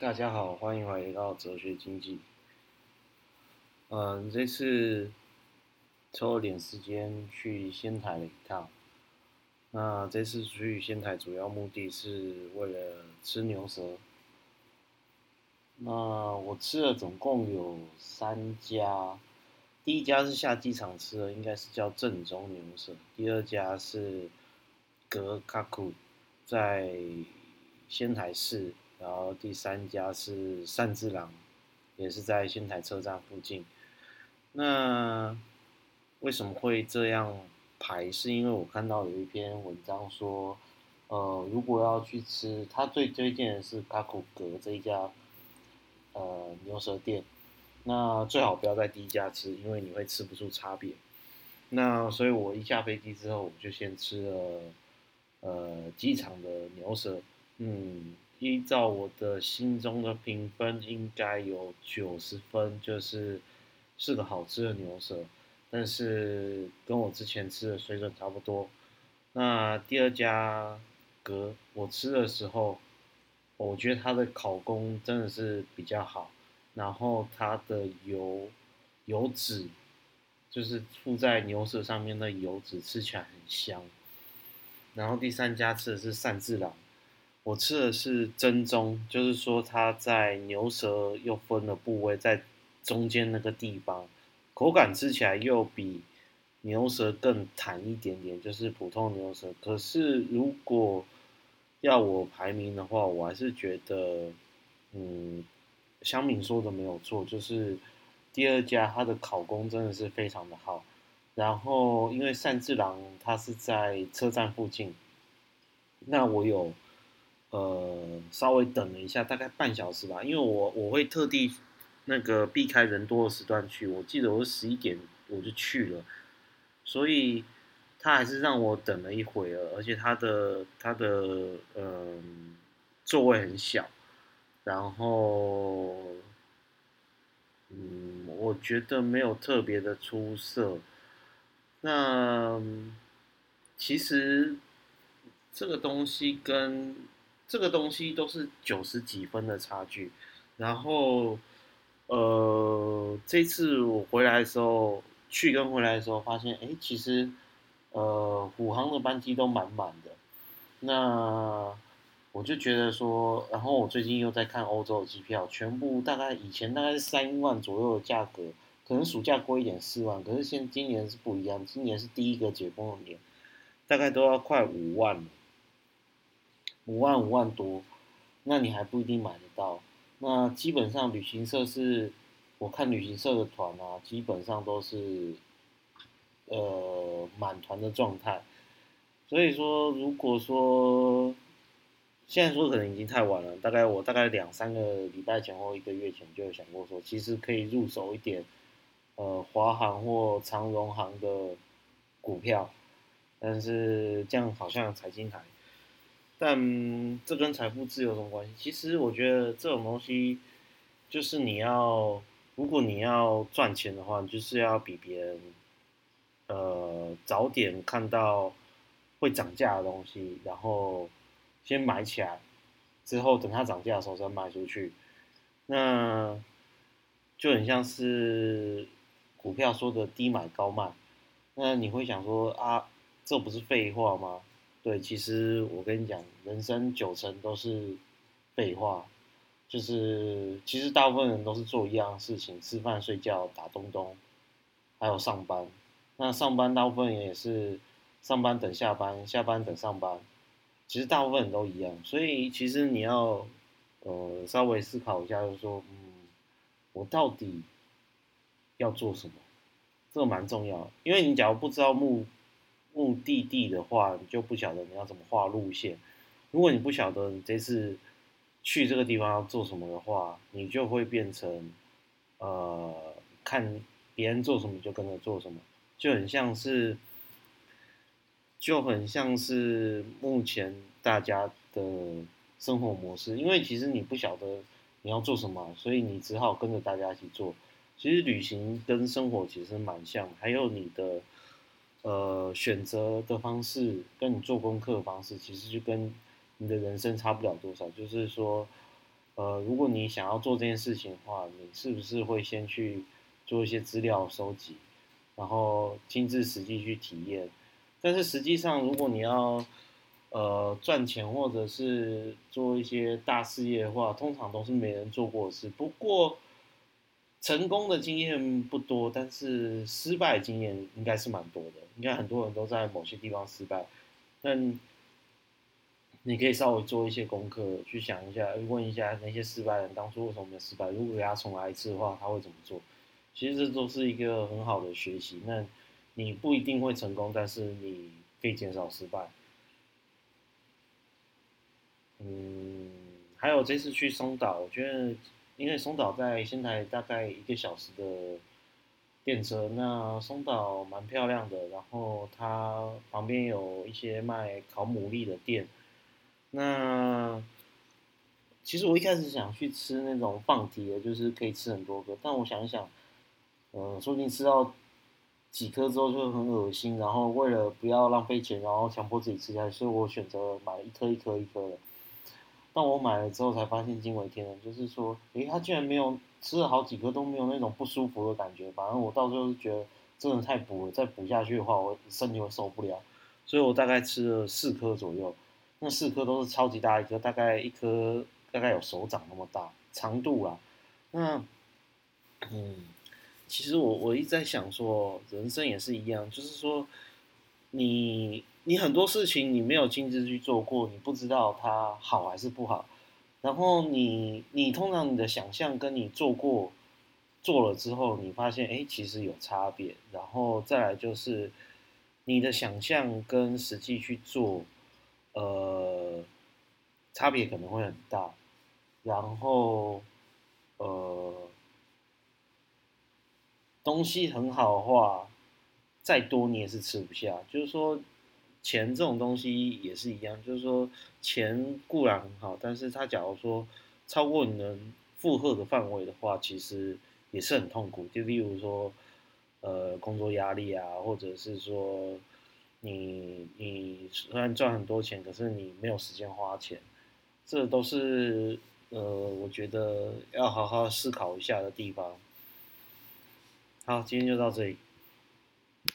大家好，歡迎回到哲學經濟。嗯、呃，這次抽了點時間去仙台了一趟。那這次去仙台主要目的是為了吃牛舌。那我吃了總共有三家，第一家是下機場吃的，應該是叫正宗牛舌。第二家是格卡庫，在仙台市。然後第三家是善治郎，也是在仙台車站附近。那為什麼會這樣排？是因為我看到有一篇文章說，呃，如果要去吃，他最推薦的是卡口格這一家，呃，牛舌店。那最好不要在第一家吃，因為你會吃不出差別。那所以我一下飛機之後，我就先吃了，呃，機場的牛舌。嗯。依照我的心中的評分，應該有九十分，就是是個好吃的牛舌，但是跟我之前吃的水準差不多。那第二家格，我吃的時候，我覺得它的烤工真的是比較好，然後它的油油脂，就是附在牛舌上面的油脂，吃起來很香。然後第三家吃的是善治郎。我吃的是真中，就是說它在牛舌又分了部位，在中間那個地方，口感吃起來又比牛舌更彈一點點，就是普通牛舌。可是如果要我排名的話，我還是覺得，嗯，鄉民說的沒有錯，就是第二家它的烤工真的是非常的好。然後因為善治郎他是在車站附近，那我有。呃，稍微等了一下，大概半小時吧，因為我我會特地那個避開人多的時段去。我記得我是十一點我就去了，所以他還是讓我等了一會，而且他的他的嗯、呃、座位很小，然後嗯，我覺得沒有特別的出色。那其實這個東西跟這個東西都是九十幾分的差距，然後，呃，這次我回來的時候，去跟回來的時候發現，哎，其實，呃，虎航的班機都滿滿的，那我就覺得說。然後我最近又在看歐洲的機票，全部大概以前大概是三萬左右的價格，可能暑假貴一點四萬，可是現在今年是不一樣，今年是第一個解封的年，大概都要快五萬了。五萬五萬多，那你還不一定買得到。那基本上旅行社是，我看旅行社的團啊，基本上都是，呃，滿團的狀態。所以說，如果說，現在說可能已經太晚了，大概我大概兩三個禮拜前或一個月前就有想過說，其實可以入手一點，呃，華航或長榮航的股票，但是這樣好像財經台。但這跟財富自由有什麼關係？其實我覺得這種東西就是你要，如果你要賺錢的話，你就是要比別人呃早點看到會漲價的東西，然後先買起來，之後等它漲價的時候再賣出去，那就很像是股票說的低買高賣。那你會想說啊，這不是廢話嗎？對，其實我跟你講，人生九成都是廢話，就是其實大部分人都是做一樣事情：吃飯、睡覺、打東東，還有上班。那上班，大部分人也是上班等下班，下班等上班。其實大部分人都一樣，所以其實你要呃稍微思考一下，就是說嗯，我到底要做什麼？這個蠻重要的，因為你假如不知道目。目的地的話，你就不曉得你要怎麼畫路線。如果你不曉得你這次去這個地方要做什麼的話，你就會變成呃，看別人做什麼就跟着做什麼，就很像是就很像是目前大家的生活模式。因為其實你不曉得你要做什麼，所以你只好跟着大家一起做。其實旅行跟生活其實蠻像，還有你的。呃，選擇的方式跟你做功課的方式，其實就跟你的人生差不了多少。就是說，呃，如果你想要做這件事情的話，你是不是會先去做一些資料收集，然後親自實際去體驗？但是實際上，如果你要呃賺錢或者是做一些大事業的話，通常都是沒人做過的事。不過，成功的經驗不多，但是失敗的經驗應該是蠻多的。你看很多人都在某些地方失敗，那你可以稍微做一些功課，去想一下，問一下那些失敗人當初為什麼沒有失敗。如果給他重來一次的話，他會怎麼做？其實這都是一個很好的學習。那你不一定會成功，但是你可以減少失敗。嗯，還有這次去松島，我覺得。因為松島在仙台大概一個小時的電車，那松島蠻漂亮的，然後它旁邊有一些賣烤牡蠣的店。那其實我一開始想去吃那種放題的，就是可以吃很多個，但我想一想，嗯，說不定吃到幾顆之後就很噁心，然後為了不要浪費錢，然後強迫自己吃下去，所以我選擇買一顆一顆一顆的。但我買了之後才發現驚為天人，就是說，誒、欸，它居然沒有吃了好幾顆，都沒有那種不舒服的感覺吧。反正我到時候覺得真的太補了，再補下去的話我，我身體會受不了。所以我大概吃了四顆左右，那四顆都是超級大一顆，大概一顆大概有手掌那麼大長度啦、啊。那，嗯，其實我我一直在想說，人生也是一樣，就是說你。你很多事情你沒有親自去做過，你不知道它好還是不好。然後你你通常你的想象跟你做過做了之後，你發現誒、欸、其實有差別。然後再來就是你的想象跟實際去做，呃，差別可能會很大。然後呃，東西很好的話，再多你也是吃不下，就是說。錢這種東西也是一樣，就是說，錢固然很好，但是他假如說超過你能負荷的範圍的話，其實也是很痛苦。就例如說，呃，工作壓力啊，或者是說你你雖然賺很多錢，可是你沒有時間花錢，這都是呃，我覺得要好好思考一下的地方。好，今天就到這裡。